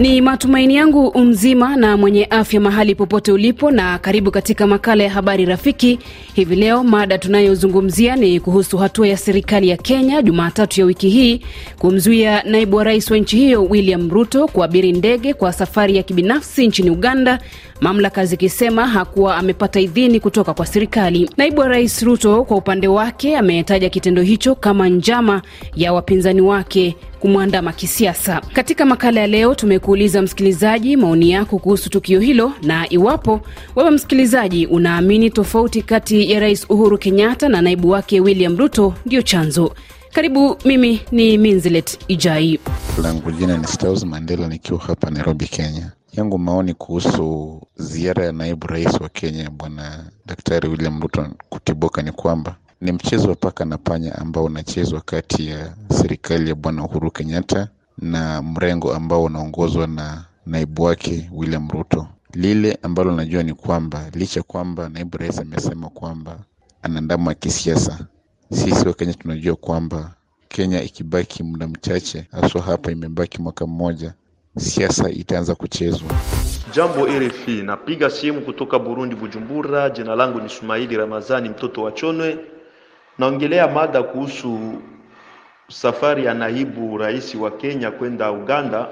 Ni matumaini yangu mzima na mwenye afya mahali popote ulipo, na karibu katika makala ya habari rafiki. Hivi leo mada tunayozungumzia ni kuhusu hatua ya serikali ya Kenya Jumatatu ya wiki hii kumzuia naibu wa rais wa nchi hiyo William Ruto kuabiri ndege kwa safari ya kibinafsi nchini Uganda, mamlaka zikisema hakuwa amepata idhini kutoka kwa serikali. Naibu wa rais Ruto kwa upande wake ametaja kitendo hicho kama njama ya wapinzani wake kumwandama kisiasa. Katika makala ya leo, tumekuuliza msikilizaji maoni yako kuhusu tukio hilo na iwapo wewe msikilizaji unaamini tofauti kati ya Rais Uhuru Kenyatta na naibu wake William Ruto ndiyo chanzo. Karibu, mimi ni Minzilet Ijai. Langu jina ni Staus Mandela nikiwa hapa Nairobi, Kenya. Yangu maoni kuhusu ziara ya naibu rais wa Kenya Bwana Daktari William Ruto kutibuka ni kwamba ni mchezo wa paka na panya ambao unachezwa kati ya serikali ya Bwana Uhuru Kenyatta na mrengo ambao unaongozwa na naibu wake William Ruto. Lile ambalo najua ni kwamba licha kwamba naibu rais amesema kwamba ana ndamu ya kisiasa, sisi wa Kenya tunajua kwamba Kenya ikibaki muda mchache, haswa hapa imebaki mwaka mmoja, siasa itaanza kuchezwa. Jambo RFI, napiga simu kutoka Burundi, Bujumbura. Jina langu ni Sumaili Ramazani mtoto wa Chonwe. Naongelea mada kuhusu safari ya naibu rais wa Kenya kwenda Uganda.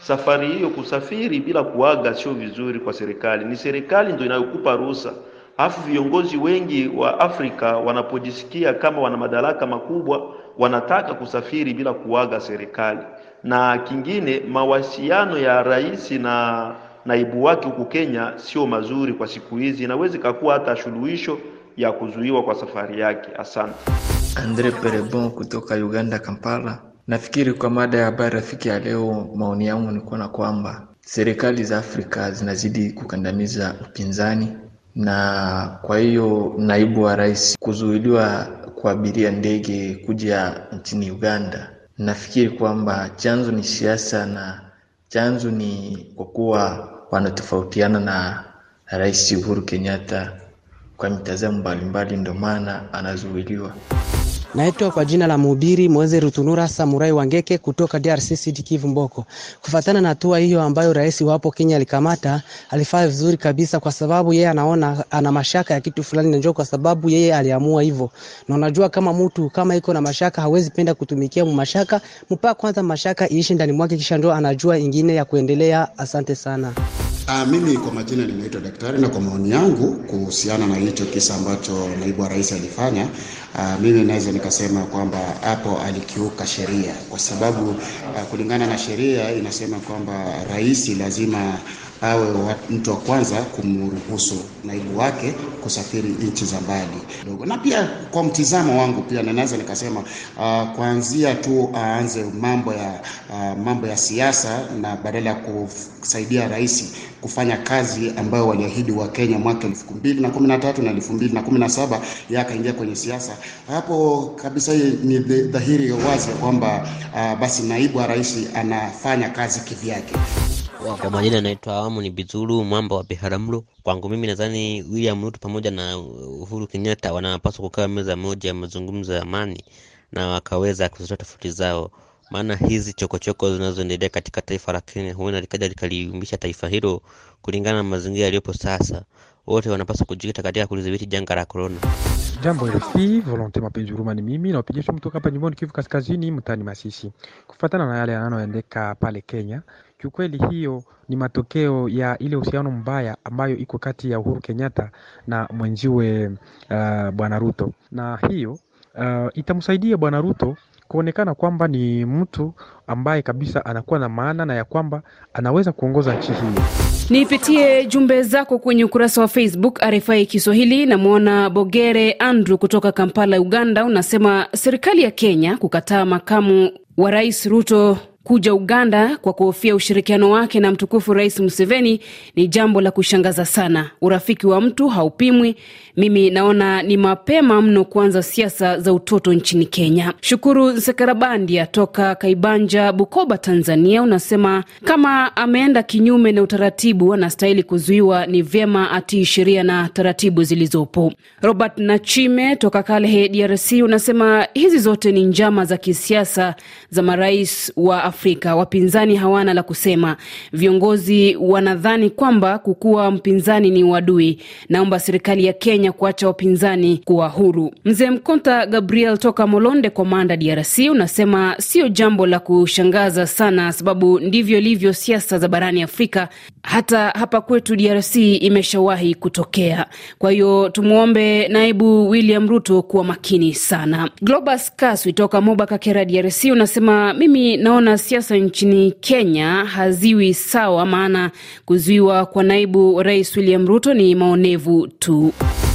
Safari hiyo, kusafiri bila kuaga sio vizuri kwa serikali. Ni serikali ndio inayokupa ruhusa, alafu viongozi wengi wa Afrika wanapojisikia kama wana madaraka makubwa wanataka kusafiri bila kuaga serikali. Na kingine, mawasiliano ya rais na naibu wake huku Kenya sio mazuri kwa siku hizi, inaweza ikakuwa hata suluhisho ya kuzuiwa kwa safari yake. Asante. Andre Perebon kutoka Uganda, Kampala. Nafikiri kwa mada ya habari rafiki ya leo, maoni yangu ni kuona kwamba serikali za Afrika zinazidi kukandamiza upinzani, na kwa hiyo naibu wa rais kuzuiliwa kuabiria ndege kuja nchini Uganda, nafikiri kwamba chanzo ni siasa na chanzo ni kwa kuwa wanatofautiana na Rais Uhuru Kenyatta kwa mitazamo mbalimbali, ndio maana anazuiliwa. Naitwa kwa jina la mhubiri Mweze Rutunura Samurai Wangeke kutoka DRC City Kivu Mboko. Kufatana na hatua hiyo ambayo rais wapo Kenya alikamata, alifanya vizuri kabisa kwa sababu yeye anaona ana mashaka ya kitu fulani na njoo kwa sababu yeye aliamua hivyo. Na unajua kama mtu kama iko na mashaka hawezi penda kutumikia mashaka, mpaka kwanza mashaka iishi ndani mwake kisha ndio anajua ingine ya kuendelea. Asante sana. Ah, mimi kwa majina ninaitwa daktari, na kwa maoni yangu kuhusiana na hicho kisa ambacho naibu wa rais alifanya, ah, mimi naweza nikasema kwamba hapo alikiuka sheria, kwa sababu ah, kulingana na sheria inasema kwamba rais lazima awe mtu wa kwanza kumruhusu naibu wake kusafiri nchi za mbali dogo. Na pia kwa mtizamo wangu pia naweza nikasema uh, kuanzia tu aanze uh, mambo ya uh, mambo ya siasa na badala ya kusaidia rais kufanya kazi ambayo waliahidi wa Kenya mwaka 2013 na 2017 yeye akaingia kwenye siasa, hapo kabisa ni dhahiri wazi ya kwamba uh, basi naibu wa rais anafanya kazi kivyake. Kwa majina naitwa awamu ni Bizuru Mwamba wa biharamlo Kwangu mimi nadhani William Ruto pamoja na Uhuru Kenyatta wanapaswa kukaa meza moja ya mazungumzo ya amani na wakaweza kuzitoa tofauti zao, maana hizi chokochoko zinazoendelea katika taifa la Kenya huenda likaja likaliumbisha taifa hilo kulingana na mazingira yaliyopo sasa. Wote wanapaswa kujikita katika kulidhibiti janga la korona. Jambo rafiki Volonte Mapenzi Huruma, ni mimi nawapigia simu kutoka hapa nyumbani Kivu Kaskazini, mtani Masisi, kufuatana na yale yanayoendeka pale Kenya. Kiukweli hiyo ni matokeo ya ile uhusiano mbaya ambayo iko kati ya Uhuru Kenyatta na mwenziwe uh, Bwana Ruto, na hiyo uh, itamsaidia Bwana Ruto kuonekana kwamba ni mtu ambaye kabisa anakuwa na maana na ya kwamba anaweza kuongoza nchi hii. Nipitie jumbe zako kwenye ukurasa wa Facebook RFI Kiswahili. Namwona Bogere Andrew kutoka Kampala, Uganda, unasema serikali ya Kenya kukataa makamu wa rais Ruto kuja Uganda kwa kuhofia ushirikiano wake na mtukufu Rais Museveni ni jambo la kushangaza sana. Urafiki wa mtu haupimwi. Mimi naona ni mapema mno kuanza siasa za utoto nchini Kenya. Shukuru Nsekarabandia toka Kaibanja, Bukoba, Tanzania, unasema kama ameenda kinyume na utaratibu anastahili kuzuiwa. Ni vyema atii sheria na taratibu zilizopo. Robert Nachime toka Kalehe, DRC, unasema hizi zote ni njama za kisiasa za marais wa Afrika wapinzani hawana la kusema. Viongozi wanadhani kwamba kukuwa mpinzani ni uadui. Naomba serikali ya Kenya kuacha wapinzani kuwa huru. Mzee Mkonta Gabriel toka Molonde kwa Manda, DRC, unasema sio jambo la kushangaza sana, sababu ndivyo ilivyo siasa za barani Afrika. Hata hapa kwetu DRC imeshawahi kutokea. Kwa hiyo tumwombe naibu William Ruto kuwa makini sana. Globus Kaswi toka Moba Kakera, DRC, unasema mimi naona siasa nchini Kenya haziwi sawa, maana kuzuiwa kwa naibu rais William Ruto ni maonevu tu.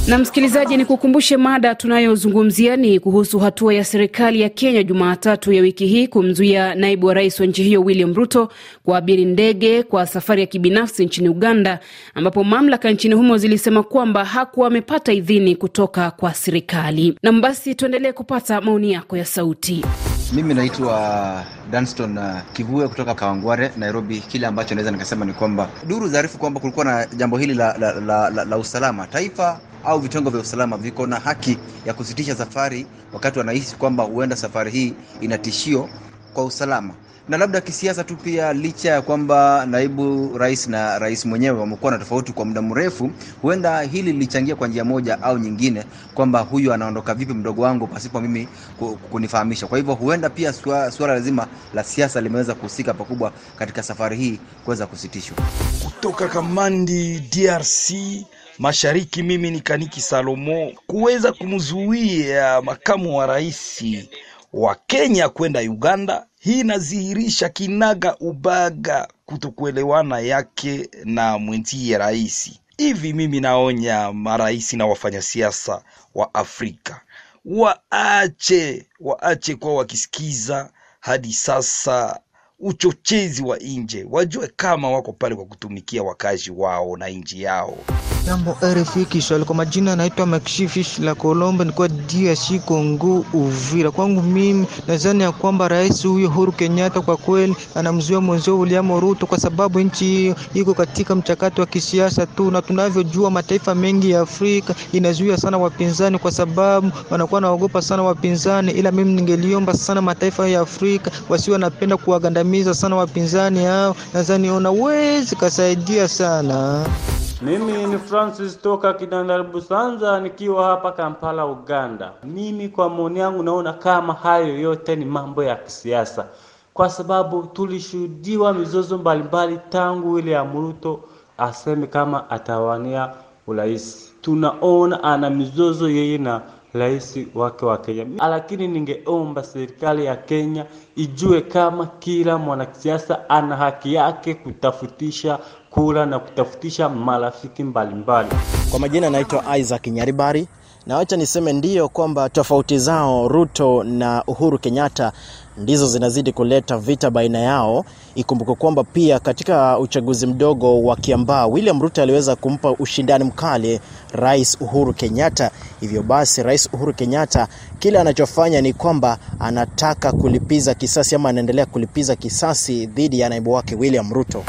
Na msikilizaji, ni kukumbushe mada tunayozungumzia ni kuhusu hatua ya serikali ya Kenya Jumatatu ya wiki hii kumzuia naibu wa rais wa nchi hiyo William Ruto kuabiri ndege kwa safari ya kibinafsi nchini Uganda, ambapo mamlaka nchini humo zilisema kwamba hakuwa amepata idhini kutoka kwa serikali. Nam basi, tuendelee kupata maoni yako ya sauti. Mimi naitwa Danston uh, Kivue kutoka Kawangware, Nairobi. Kile ambacho naweza nikasema ni kwamba duru zaarifu kwamba kulikuwa na jambo hili la, la, la, la, la usalama taifa au vitengo vya usalama viko na haki ya kusitisha safari wakati wanahisi kwamba huenda safari hii ina tishio kwa usalama na labda kisiasa tu pia, licha ya kwamba naibu rais na rais mwenyewe wamekuwa na tofauti kwa muda mrefu, huenda hili lilichangia kwa njia moja au nyingine, kwamba huyu anaondoka vipi mdogo wangu pasipo mimi kunifahamisha. Kwa hivyo huenda pia suala, lazima la siasa limeweza kuhusika pakubwa katika safari hii kuweza kusitishwa. Kutoka Kamandi, DRC Mashariki, mimi ni Kaniki Salomo kuweza kumzuia makamu wa rais wa Kenya kwenda Uganda. Hii inadhihirisha kinaga ubaga kutokuelewana yake na mwenzie rais. Hivi mimi naonya marais na wafanyasiasa wa Afrika waache waache kwa wakisikiza hadi sasa uchochezi wa nje, wajue kama wako pale kwa kutumikia wakazi wao na nchi yao. Jambo RFI Kiswahili, kwa majina naitwa Makshifish la Kolombo, nikuwa DRC Kongo, Uvira. Kwangu mimi nadhani ya kwamba rais huyo Uhuru Kenyatta kwa kweli anamzuia mwenzio William Ruto, kwa sababu nchi hiyo iko katika mchakato wa kisiasa tu, na tunavyojua mataifa mengi ya Afrika inazuia sana wapinzani, kwa sababu wanakuwa naogopa sana wapinzani. Ila mimi ningeliomba sana mataifa ya Afrika wasiwe wanapenda kuwagandamiza sana wapinzani hao, nadhani unaweza kasaidia sana. Mimi ni Francis toka Kidandari Busanza, nikiwa hapa Kampala, Uganda. Mimi kwa maoni yangu naona kama hayo yote ni mambo ya kisiasa, kwa sababu tulishuhudiwa mizozo mbalimbali tangu William Ruto aseme kama atawania urais. Tunaona ana mizozo yeye na rais wake wa Kenya, lakini ningeomba serikali ya Kenya ijue kama kila mwanasiasa ana haki yake kutafutisha kula na kutafutisha marafiki mbalimbali. Kwa majina anaitwa Isaac Nyaribari, na wacha niseme ndiyo kwamba tofauti zao Ruto na Uhuru Kenyatta ndizo zinazidi kuleta vita baina yao. Ikumbuke kwamba pia katika uchaguzi mdogo wa Kiambaa, William Ruto aliweza kumpa ushindani mkali Rais Uhuru Kenyatta. Hivyo basi, Rais Uhuru Kenyatta kile anachofanya ni kwamba anataka kulipiza kisasi ama anaendelea kulipiza kisasi dhidi ya naibu wake William Ruto.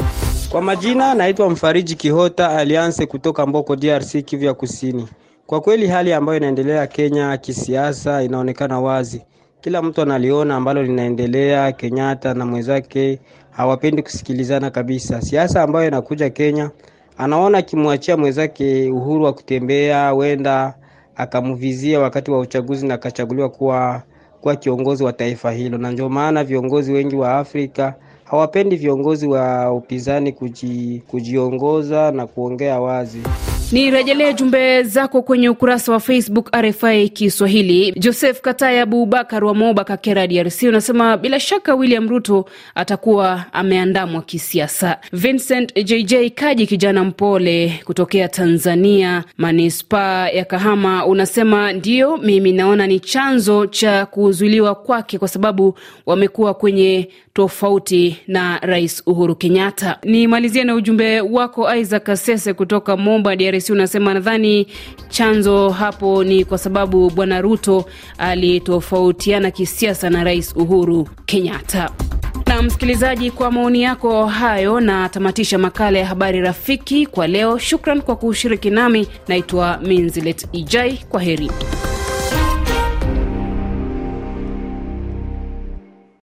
Kwa majina naitwa Mfariji Kihota Alliance kutoka Mboko DRC, Kivu ya Kusini. Kwa kweli hali ambayo inaendelea Kenya kisiasa inaonekana wazi, kila mtu analiona ambalo linaendelea. Kenyatta na mwenzake hawapendi kusikilizana kabisa. Siasa ambayo inakuja Kenya, anaona akimwachia mwenzake uhuru wa kutembea, wenda akamvizia wakati wa uchaguzi na akachaguliwa kuwa kuwa kiongozi wa taifa hilo, na ndio maana viongozi wengi wa Afrika hawapendi viongozi wa upinzani kuji, kujiongoza na kuongea wazi rejelee jumbe zako kwenye ukurasa wa Facebook RFI Kiswahili. Joseph Kataya Abubakar wa Moba Kakera, DRC, unasema bila shaka William Ruto atakuwa ameandamwa kisiasa. Vincent JJ Kaji, kijana mpole kutokea Tanzania, manispaa ya Kahama, unasema ndiyo, mimi naona ni chanzo cha kuzuiliwa kwake kwa sababu wamekuwa kwenye tofauti na Rais Uhuru Kenyatta. ni malizie na ujumbe wako Isaac sese kutoka Moba, DRC rais unasema nadhani chanzo hapo ni kwa sababu bwana Ruto alitofautiana kisiasa na rais Uhuru Kenyatta. Na msikilizaji, kwa maoni yako hayo, na tamatisha makala ya habari rafiki kwa leo. Shukran kwa kushiriki nami. Naitwa Minzilet Ijai, kwa heri.